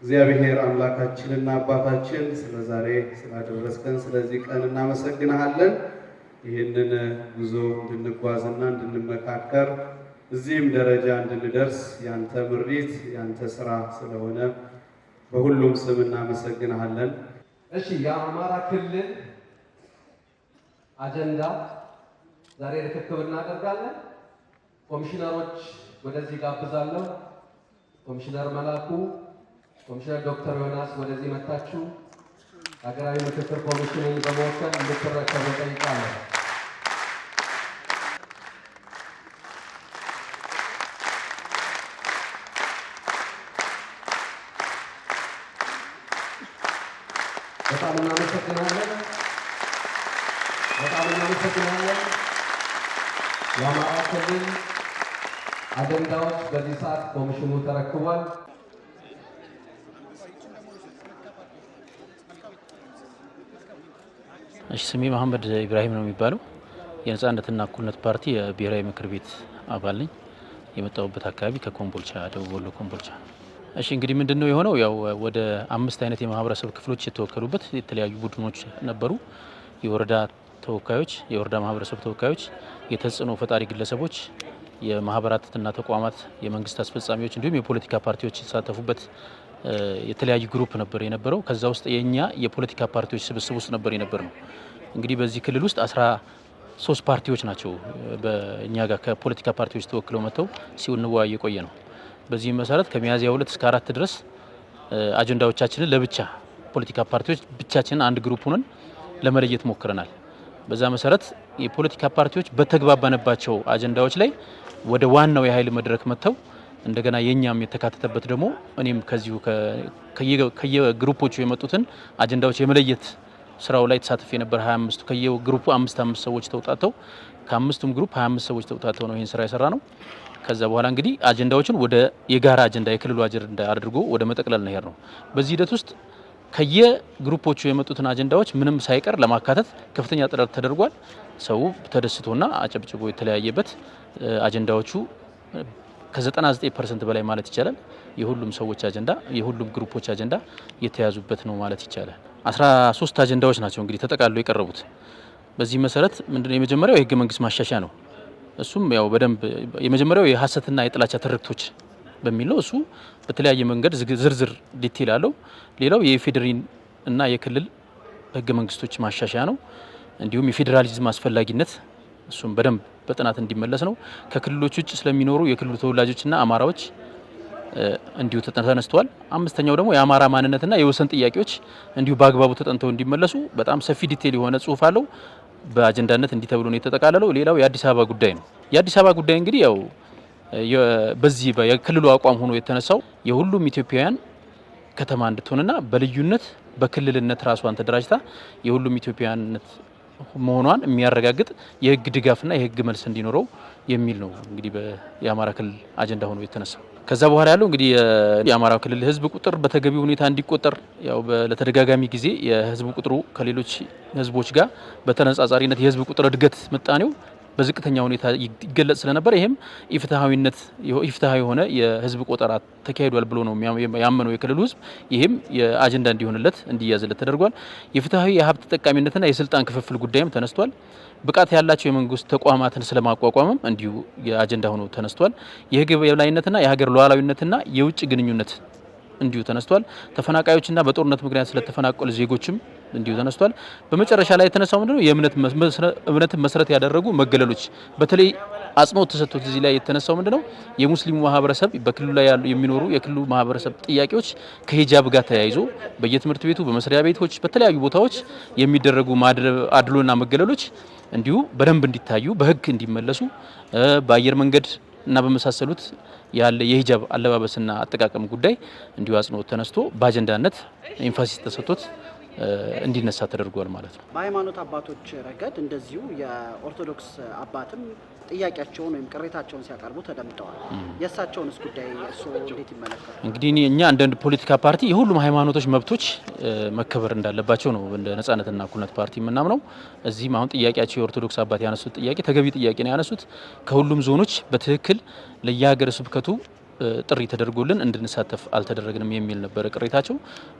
እግዚአብሔር አምላካችንና አባታችን ስለዛሬ ስላደረስከን ስለዚህ ቀን እናመሰግናሃለን። ይህንን ጉዞ እንድንጓዝና እንድንመካከር እዚህም ደረጃ እንድንደርስ ያንተ ምሪት ያንተ ስራ ስለሆነ በሁሉም ስም እናመሰግናሃለን። እሺ የአማራ ክልል አጀንዳ ዛሬ ርክክብ እናደርጋለን። ኮሚሽነሮች ወደዚህ ጋብዛለሁ። ኮሚሽነር መላኩ፣ ኮሚሽነር ዶክተር ዮናስ ወደዚህ መታችሁ ሀገራዊ ምክክር ኮሚሽንን በመወከል እንድትረከቡ ጠይቃለሁ። የአማራ ክልል አጀንዳዎች በዚህ ሰዓት ኮሚሽኑ ተረክቧል። እሺ ስሜ መሀመድ ኢብራሂም ነው የሚባለው። የነጻነትና እኩልነት ፓርቲ የብሔራዊ ምክር ቤት አባል ነኝ። የመጣሁበት አካባቢ ከኮምቦልቻ ደቡብ ወሎ ኮምቦልቻ። እሺ እንግዲህ ምንድነው የሆነው? ያው ወደ አምስት አይነት የማህበረሰብ ክፍሎች የተወከሉበት የተለያዩ ቡድኖች ነበሩ። የወረዳ ተወካዮች፣ የወረዳ ማህበረሰብ ተወካዮች፣ የተጽዕኖ ፈጣሪ ግለሰቦች፣ የማህበራትና ተቋማት፣ የመንግስት አስፈጻሚዎች እንዲሁም የፖለቲካ ፓርቲዎች የተሳተፉበት የተለያዩ ግሩፕ ነበር የነበረው። ከዛ ውስጥ የእኛ የፖለቲካ ፓርቲዎች ስብስብ ውስጥ ነበር የነበር ነው። እንግዲህ በዚህ ክልል ውስጥ አስራ ሶስት ፓርቲዎች ናቸው በእኛ ጋር ከፖለቲካ ፓርቲዎች ተወክለው መጥተው ሲወያዩ የቆየ ነው። በዚህም መሰረት ከሚያዝያ ሁለት እስከ አራት ድረስ አጀንዳዎቻችንን ለብቻ ፖለቲካ ፓርቲዎች ብቻችንን አንድ ግሩፕ ሆነን ለመለየት ሞክረናል። በዛ መሰረት የፖለቲካ ፓርቲዎች በተግባባነባቸው አጀንዳዎች ላይ ወደ ዋናው የኃይል መድረክ መጥተው እንደገና የኛም የተካተተበት ደግሞ እኔም ከዚሁ ከየግሩፖቹ የመጡትን አጀንዳዎች የመለየት ስራው ላይ ተሳትፍ የነበር 25 ከየግሩፑ አምስት አምስት ሰዎች ተውጣተው ከአምስቱም ግሩፕ 25 ሰዎች ተውጣተው ነው ይህን ስራ የሰራ ነው። ከዛ በኋላ እንግዲህ አጀንዳዎችን ወደ የጋራ አጀንዳ የክልሉ አጀንዳ አድርጎ ወደ መጠቅለል ነው። በዚህ ሂደት ውስጥ ከየግሩፖቹ የመጡትን አጀንዳዎች ምንም ሳይቀር ለማካተት ከፍተኛ ጥረት ተደርጓል። ሰው ተደስቶና አጨብጭቦ የተለያየበት አጀንዳዎቹ ከ99 ፐርሰንት በላይ ማለት ይቻላል የሁሉም ሰዎች አጀንዳ የሁሉም ግሩፖች አጀንዳ የተያዙበት ነው ማለት ይቻላል። 13 አጀንዳዎች ናቸው እንግዲህ ተጠቃለው የቀረቡት። በዚህ መሰረት ምንድነው የመጀመሪያው የህገ መንግስት ማሻሻያ ነው። እሱም ያው በደንብ የመጀመሪያው የሀሰትና የጥላቻ ትርክቶች በሚለው እሱ በተለያየ መንገድ ዝርዝር ዲቴል አለው። ሌላው የኢፌዴሪን እና የክልል ህገ መንግስቶች ማሻሻያ ነው። እንዲሁም የፌዴራሊዝም አስፈላጊነት እሱም በደንብ በጥናት እንዲመለስ ነው። ከክልሎች ውጭ ስለሚኖሩ የክልሉ ተወላጆችና አማራዎች እንዲሁ ተነስተዋል። አምስተኛው ደግሞ የአማራ ማንነትና የወሰን ጥያቄዎች እንዲሁ በአግባቡ ተጠንተው እንዲመለሱ በጣም ሰፊ ዲቴል የሆነ ጽሁፍ አለው። በአጀንዳነት እንዲህ ተብሎ ነው የተጠቃለለው። ሌላው የአዲስ አበባ ጉዳይ ነው። የአዲስ አበባ ጉዳይ እንግዲህ ያው በዚህ የክልሉ አቋም ሆኖ የተነሳው የሁሉም ኢትዮጵያውያን ከተማ እንድትሆንና በልዩነት በክልልነት ራሷን ተደራጅታ የሁሉም ኢትዮጵያውያንነት መሆኗን የሚያረጋግጥ የህግ ድጋፍና የህግ መልስ እንዲኖረው የሚል ነው። እንግዲህ የአማራ ክልል አጀንዳ ሆኖ የተነሳው። ከዛ በኋላ ያለው እንግዲህ የአማራ ክልል ህዝብ ቁጥር በተገቢ ሁኔታ እንዲቆጠር ያው ለተደጋጋሚ ጊዜ የህዝብ ቁጥሩ ከሌሎች ህዝቦች ጋር በተነጻጻሪነት የህዝብ ቁጥር እድገት ምጣኔው በዝቅተኛ ሁኔታ ይገለጽ ስለነበር ይህም ኢፍትሐዊነት ኢፍትሐዊ የሆነ የህዝብ ቆጠራ ተካሂዷል ብሎ ነው ያመነው የክልሉ ህዝብ። ይህም የአጀንዳ እንዲሆንለት እንዲያዝለት ተደርጓል። የፍትሐዊ የሀብት ተጠቃሚነትና የስልጣን ክፍፍል ጉዳይም ተነስቷል። ብቃት ያላቸው የመንግስት ተቋማትን ስለማቋቋምም እንዲሁ የአጀንዳ ሆኖ ተነስቷል። የህግ የበላይነትና የሀገር ሉዓላዊነትና የውጭ ግንኙነት እንዲሁ ተነስቷል። ተፈናቃዮችና በጦርነት ምክንያት ስለተፈናቀሉ ዜጎችም እንዲሁ ተነስቷል። በመጨረሻ ላይ የተነሳው ምንድነው የእምነትን መሰረት ያደረጉ መገለሎች፣ በተለይ አጽንኦት ተሰጥቶት እዚህ ላይ የተነሳው ምንድነው የሙስሊሙ ማህበረሰብ በክልሉ ላይ ያሉ የሚኖሩ የክልሉ ማህበረሰብ ጥያቄዎች ከሂጃብ ጋር ተያይዞ በየትምህርት ቤቱ፣ በመስሪያ ቤቶች፣ በተለያዩ ቦታዎች የሚደረጉ አድሎና መገለሎች እንዲሁ በደንብ እንዲታዩ በህግ እንዲመለሱ በአየር መንገድ እና በመሳሰሉት ያለ የሂጃብ አለባበስና አጠቃቀም ጉዳይ እንዲሁ አጽንኦት ተነስቶ በአጀንዳነት ኤንፋሲስ ተሰጥቶት እንዲነሳ ተደርጓል ማለት ነው። በሃይማኖት አባቶች ረገድ እንደዚሁ የኦርቶዶክስ አባትም ጥያቄያቸውን ወይም ቅሬታቸውን ሲያቀርቡ ተደምጠዋል። የእሳቸውንስ ጉዳይ እርስዎ እንዴት ይመለከቱ? እንግዲህ እኛ እንደ ፖለቲካ ፓርቲ የሁሉም ሃይማኖቶች መብቶች መከበር እንዳለባቸው ነው እንደ ነጻነትና እኩልነት ፓርቲ የምናምነው። እዚህም አሁን ጥያቄያቸው የኦርቶዶክስ አባት ያነሱት ጥያቄ ተገቢ ጥያቄ ነው ያነሱት። ከሁሉም ዞኖች በትክክል ለየሀገረ ስብከቱ ጥሪ ተደርጎልን እንድንሳተፍ አልተደረግንም የሚል ነበረ ቅሬታቸው።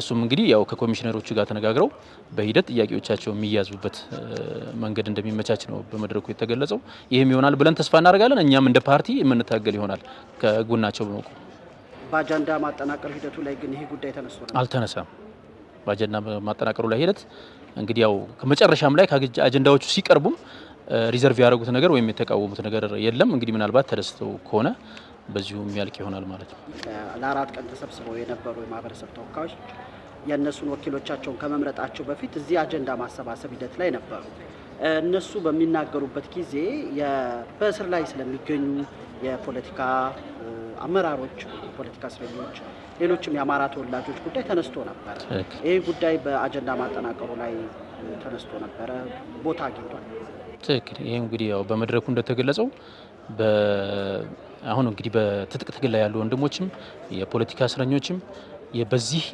እሱም እንግዲህ ያው ከኮሚሽነሮቹ ጋር ተነጋግረው በሂደት ጥያቄዎቻቸው የሚያዙበት መንገድ እንደሚመቻች ነው በመድረኩ የተገለጸው። ይህም ይሆናል ብለን ተስፋ እናደርጋለን። እኛም እንደ ፓርቲ የምንታገል ይሆናል ከጎናቸው በመቆ በአጀንዳ ማጠናቀር ሂደቱ ላይ ግን ይሄ ጉዳይ ተነስቶ አልተነሳም። በአጀንዳ ማጠናቀሩ ላይ ሂደት እንግዲህ ያው ከመጨረሻም ላይ አጀንዳዎቹ ሲቀርቡም ሪዘርቭ ያደረጉት ነገር ወይም የተቃወሙት ነገር የለም። እንግዲህ ምናልባት ተደስተው ከሆነ በዚሁ የሚያልቅ ይሆናል ማለት ነው። ለአራት ቀን ተሰብስበው የነበሩ የማህበረሰብ ተወካዮች የእነሱን ወኪሎቻቸውን ከመምረጣቸው በፊት እዚህ አጀንዳ ማሰባሰብ ሂደት ላይ ነበሩ። እነሱ በሚናገሩበት ጊዜ በእስር ላይ ስለሚገኙ የፖለቲካ አመራሮች፣ የፖለቲካ እስረኞች፣ ሌሎችም የአማራ ተወላጆች ጉዳይ ተነስቶ ነበረ። ይህ ጉዳይ በአጀንዳ ማጠናቀሩ ላይ ተነስቶ ነበረ፣ ቦታ አግኝቷል። ትክክል። ይህ እንግዲህ ያው በመድረኩ እንደተገለጸው አሁን እንግዲህ በትጥቅ ትግል ላይ ያሉ ወንድሞችም የፖለቲካ እስረኞችም በዚህ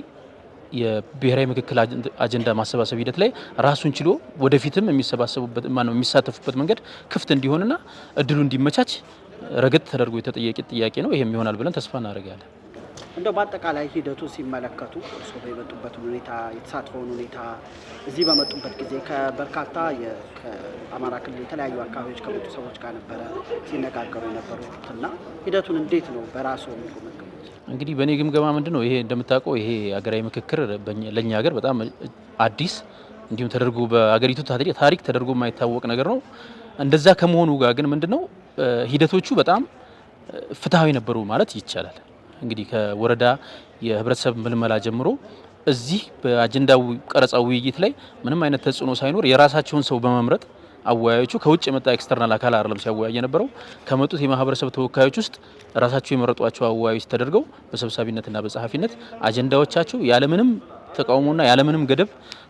የብሔራዊ ምክክል አጀንዳ ማሰባሰብ ሂደት ላይ ራሱን ችሎ ወደፊትም የሚሰባሰቡበት ማነው የሚሳተፉበት መንገድ ክፍት እንዲሆንና እድሉ እንዲመቻች ረገጥ ተደርጎ የተጠየቀ ጥያቄ ነው። ይሄም ይሆናል ብለን ተስፋ እናደርጋለን። እንደው በአጠቃላይ ሂደቱ ሲመለከቱ እርስዎ በመጡበት ሁኔታ የተሳትፈውን ሁኔታ እዚህ በመጡበት ጊዜ ከበርካታ አማራ ክልል የተለያዩ አካባቢዎች ከመጡ ሰዎች ጋር ነበረ ሲነጋገሩ የነበሩት እና ሂደቱን እንዴት ነው በራሱ የሚገመገሙት? እንግዲህ በእኔ ግምገማ ምንድን ነው ይሄ እንደምታውቀው ይሄ ሀገራዊ ምክክር ለእኛ ሀገር በጣም አዲስ እንዲሁም ተደርጎ በአገሪቱ ታሪክ ተደርጎ የማይታወቅ ነገር ነው። እንደዛ ከመሆኑ ጋር ግን ምንድነው ነው ሂደቶቹ በጣም ፍትሐዊ ነበሩ ማለት ይቻላል። እንግዲህ ከወረዳ የህብረተሰብ ምልመላ ጀምሮ እዚህ በአጀንዳው ቀረጻ ውይይት ላይ ምንም አይነት ተጽዕኖ ሳይኖር የራሳቸውን ሰው በመምረጥ አወያዮቹ ከውጭ የመጣ ኤክስተርናል አካል አይደለም ሲያወያይ የነበረው። ከመጡት የማህበረሰብ ተወካዮች ውስጥ ራሳቸው የመረጧቸው አወያዮች ተደርገው በሰብሳቢነትና በጸሐፊነት አጀንዳዎቻቸው ያለምንም ተቃውሞና ያለምንም ገደብ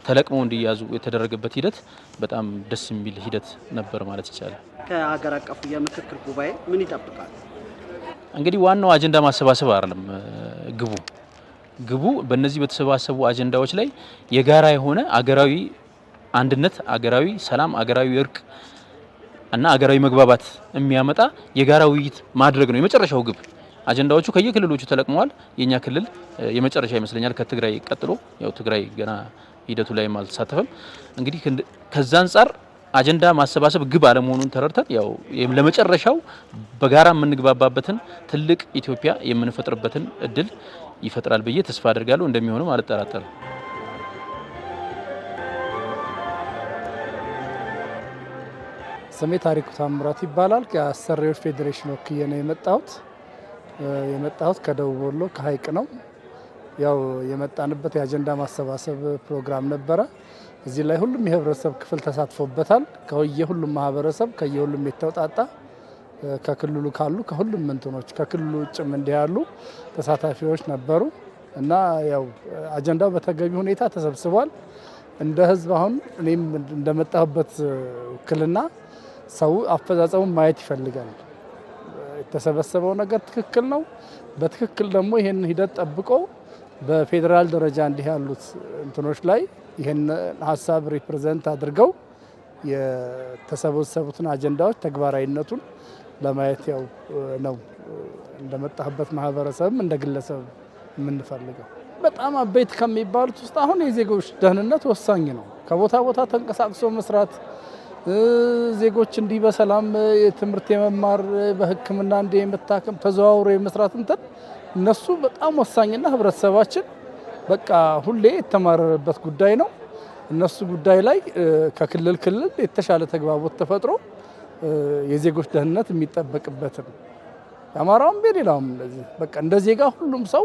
ተለቅመው እንዲያዙ የተደረገበት ሂደት በጣም ደስ የሚል ሂደት ነበር ማለት ይቻላል። ከሀገር አቀፉ የምክክር ጉባኤ ምን ይጠብቃል? እንግዲህ ዋናው አጀንዳ ማሰባሰብ አይደለም ግቡ ግቡ በእነዚህ በተሰባሰቡ አጀንዳዎች ላይ የጋራ የሆነ አገራዊ አንድነት፣ አገራዊ ሰላም፣ አገራዊ እርቅ እና አገራዊ መግባባት የሚያመጣ የጋራ ውይይት ማድረግ ነው የመጨረሻው ግብ። አጀንዳዎቹ ከየክልሎቹ ተለቅመዋል። የእኛ ክልል የመጨረሻ ይመስለኛል ከትግራይ ቀጥሎ። ያው ትግራይ ገና ሂደቱ ላይም አልተሳተፈም። እንግዲህ ከዛ አንጻር አጀንዳ ማሰባሰብ ግብ አለመሆኑን ተረድተን ያው ለመጨረሻው በጋራ የምንግባባበትን ትልቅ ኢትዮጵያ የምንፈጥርበትን እድል ይፈጥራል ብዬ ተስፋ አድርጋለሁ። እንደሚሆንም አልጠራጠርም። ስሜ ታሪኩ ታምራት ይባላል። ከአሰሪዎች ፌዴሬሽን ወክዬ ነው የመጣሁት። የመጣሁት ከደቡብ ወሎ ከሀይቅ ነው። ያው የመጣንበት የአጀንዳ ማሰባሰብ ፕሮግራም ነበረ። እዚህ ላይ ሁሉም የህብረተሰብ ክፍል ተሳትፎበታል። ከየሁሉም ማህበረሰብ ከየሁሉም የተውጣጣ ከክልሉ ካሉ ከሁሉም እንትኖች ከክልሉ ውጭም እንዲህ ያሉ ተሳታፊዎች ነበሩ እና ያው አጀንዳው በተገቢ ሁኔታ ተሰብስቧል። እንደ ህዝብ አሁን እኔም እንደመጣሁበት ውክልና ሰው አፈጻጸሙን ማየት ይፈልጋል። የተሰበሰበው ነገር ትክክል ነው። በትክክል ደግሞ ይህን ሂደት ጠብቆ በፌዴራል ደረጃ እንዲህ ያሉት እንትኖች ላይ ይህን ሀሳብ ሪፕሬዘንት አድርገው የተሰበሰቡትን አጀንዳዎች ተግባራዊነቱን ለማየት ያው ነው እንደመጣህበት ማህበረሰብም እንደ ግለሰብ የምንፈልገው። በጣም አበይት ከሚባሉት ውስጥ አሁን የዜጎች ደህንነት ወሳኝ ነው። ከቦታ ቦታ ተንቀሳቅሶ መስራት ዜጎች እንዲህ በሰላም የትምህርት የመማር በሕክምና እንዲህ የመታከም ተዘዋውሮ የመስራት እንትን እነሱ በጣም ወሳኝና ህብረተሰባችን በቃ ሁሌ የተማረረበት ጉዳይ ነው። እነሱ ጉዳይ ላይ ከክልል ክልል የተሻለ ተግባቦት ተፈጥሮ የዜጎች ደህንነት የሚጠበቅበትን የአማራውም የሌላውም እንደዚህ በቃ እንደ ዜጋ ሁሉም ሰው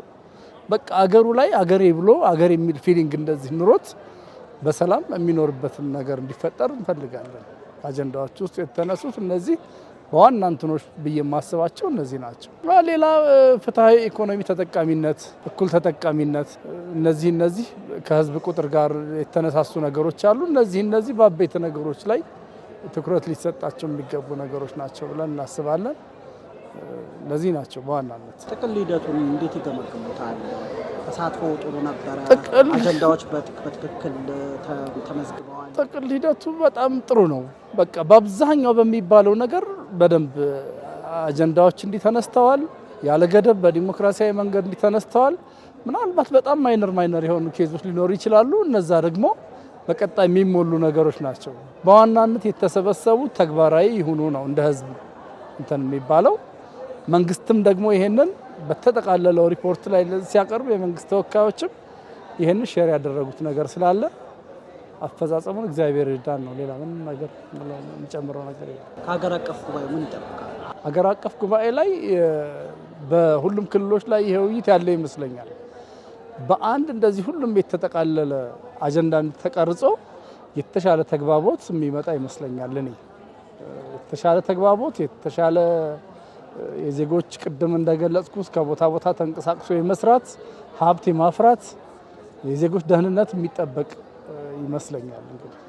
በቃ አገሩ ላይ አገሬ ብሎ አገር የሚል ፊሊንግ እንደዚህ ኑሮት በሰላም የሚኖርበትን ነገር እንዲፈጠር እንፈልጋለን። አጀንዳዎች ውስጥ የተነሱት እነዚህ በዋና እንትኖች ብዬ የማስባቸው እነዚህ ናቸው። ሌላ ፍትሐዊ ኢኮኖሚ ተጠቃሚነት፣ እኩል ተጠቃሚነት፣ እነዚህ እነዚህ ከህዝብ ቁጥር ጋር የተነሳሱ ነገሮች አሉ። እነዚህ እነዚህ በአበይት ነገሮች ላይ ትኩረት ሊሰጣቸው የሚገቡ ነገሮች ናቸው ብለን እናስባለን። እነዚህ ናቸው በዋናነት። ጥቅል ሂደቱን እንዴት ይገመግሙታል? ተሳትፎ ጥሩ ነበረ። አጀንዳዎች በትክክል ተመዝግበዋል። ጥቅል ሂደቱ በጣም ጥሩ ነው። በቃ በአብዛኛው በሚባለው ነገር በደንብ አጀንዳዎች እንዲተነስተዋል ተነስተዋል። ያለ ገደብ በዲሞክራሲያዊ መንገድ እንዲተነስተዋል። ተነስተዋል። ምናልባት በጣም ማይነር ማይነር የሆኑ ኬዞች ሊኖሩ ይችላሉ። እነዛ ደግሞ በቀጣይ የሚሞሉ ነገሮች ናቸው። በዋናነት የተሰበሰቡ ተግባራዊ ይሁኑ ነው እንደ ህዝብ እንትን የሚባለው። መንግስትም ደግሞ ይሄንን በተጠቃለለው ሪፖርት ላይ ሲያቀርብ የመንግስት ተወካዮችም ይህንን ሼር ያደረጉት ነገር ስላለ አፈጻጸሙን እግዚአብሔር ይርዳን ነው። ሌላ ምንም ነገር የሚጨምረው ነገር የለም። ከሀገር አቀፍ ጉባኤ ምን ይጠብቃል? ሀገር አቀፍ ጉባኤ ላይ በሁሉም ክልሎች ላይ ይሄ ውይይት ያለ ይመስለኛል። በአንድ እንደዚህ ሁሉም የተጠቃለለ አጀንዳ ተቀርጾ የተሻለ ተግባቦት የሚመጣ ይመስለኛል። እኔ የተሻለ ተግባቦት የተሻለ የዜጎች ቅድም እስከ ከቦታ ቦታ ተንቀሳቅሶ የመስራት ሀብት የማፍራት የዜጎች ደህንነት የሚጠበቅ ይመስለኛል እንግዲህ